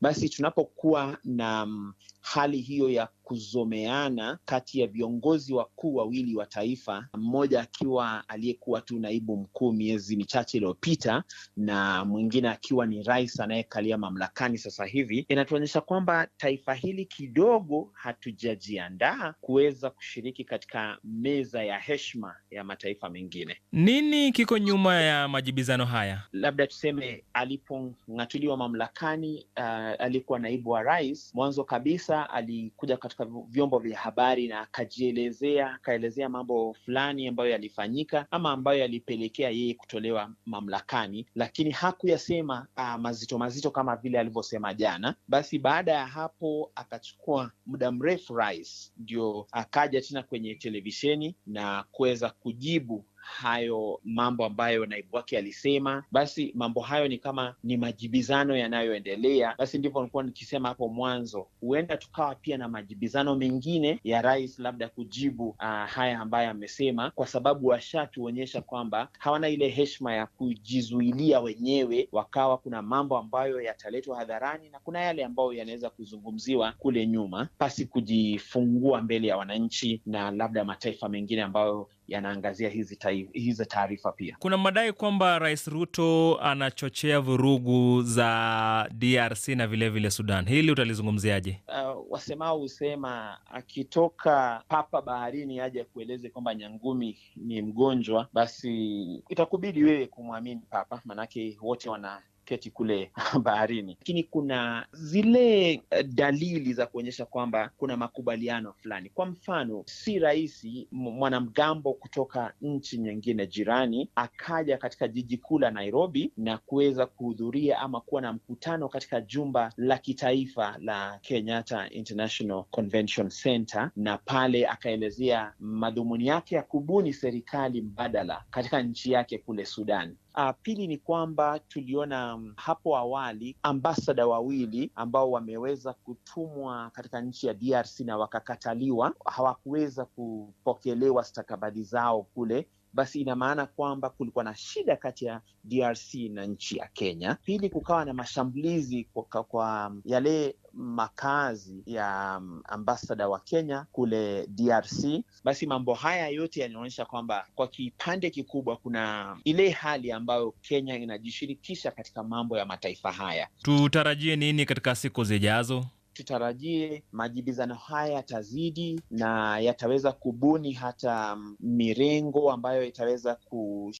Basi tunapokuwa na mm, hali hiyo ya kuzomeana kati ya viongozi wakuu wawili wa taifa, mmoja akiwa aliyekuwa tu naibu mkuu miezi michache iliyopita na mwingine akiwa ni rais anayekalia mamlakani sasa hivi, inatuonyesha kwamba taifa hili kidogo hatujajiandaa kuweza kushiriki katika meza ya heshima ya mataifa mengine. Nini kiko nyuma ya majibizano haya? Labda tuseme alipong'atuliwa mamlakani, uh, alikuwa naibu wa rais mwanzo kabisa kwanza alikuja katika vyombo vya habari na akajielezea, akaelezea mambo fulani ambayo yalifanyika ama ambayo yalipelekea yeye kutolewa mamlakani, lakini hakuyasema uh, mazito mazito kama vile alivyosema jana. Basi baada ya hapo akachukua muda mrefu rais, ndio akaja tena kwenye televisheni na kuweza kujibu hayo mambo ambayo naibu wake alisema, basi mambo hayo ni kama ni majibizano yanayoendelea. Basi ndivyo nilikuwa nikisema hapo mwanzo, huenda tukawa pia na majibizano mengine ya rais, labda kujibu uh, haya ambayo amesema, kwa sababu washatuonyesha kwamba hawana ile heshima ya kujizuilia wenyewe, wakawa kuna mambo ambayo yataletwa hadharani na kuna yale ambayo yanaweza kuzungumziwa kule nyuma pasi kujifungua mbele ya wananchi na labda mataifa mengine ambayo yanaangazia hizi taarifa pia. Kuna madai kwamba Rais Ruto anachochea vurugu za DRC na vilevile vile Sudan. Hili utalizungumziaje? Uh, wasemao husema akitoka papa baharini aje akueleze kwamba nyangumi ni mgonjwa, basi itakubidi wewe kumwamini papa, manake wote wana kuketi kule baharini, lakini kuna zile eh, dalili za kuonyesha kwamba kuna makubaliano fulani. Kwa mfano, si rahisi mwanamgambo kutoka nchi nyingine jirani akaja katika jiji kuu la Nairobi na kuweza kuhudhuria ama kuwa na mkutano katika jumba la kitaifa la Kenyatta International Convention Center, na pale akaelezea madhumuni yake ya kubuni serikali mbadala katika nchi yake kule Sudan. Uh, pili ni kwamba tuliona mm, hapo awali ambasada wawili ambao wameweza kutumwa katika nchi ya DRC na wakakataliwa, hawakuweza kupokelewa stakabadhi zao kule basi ina maana kwamba kulikuwa na shida kati ya DRC na nchi ya Kenya. Pili, kukawa na mashambulizi kwa, kwa mm, yale makazi ya mm, ambasada wa Kenya kule DRC. Basi mambo haya yote yanaonyesha kwamba kwa kipande kikubwa kuna ile hali ambayo Kenya inajishirikisha katika mambo ya mataifa haya. Tutarajie nini katika siku zijazo? Tutarajie majibizano haya yatazidi na yataweza kubuni hata mm, mirengo ambayo itaweza ku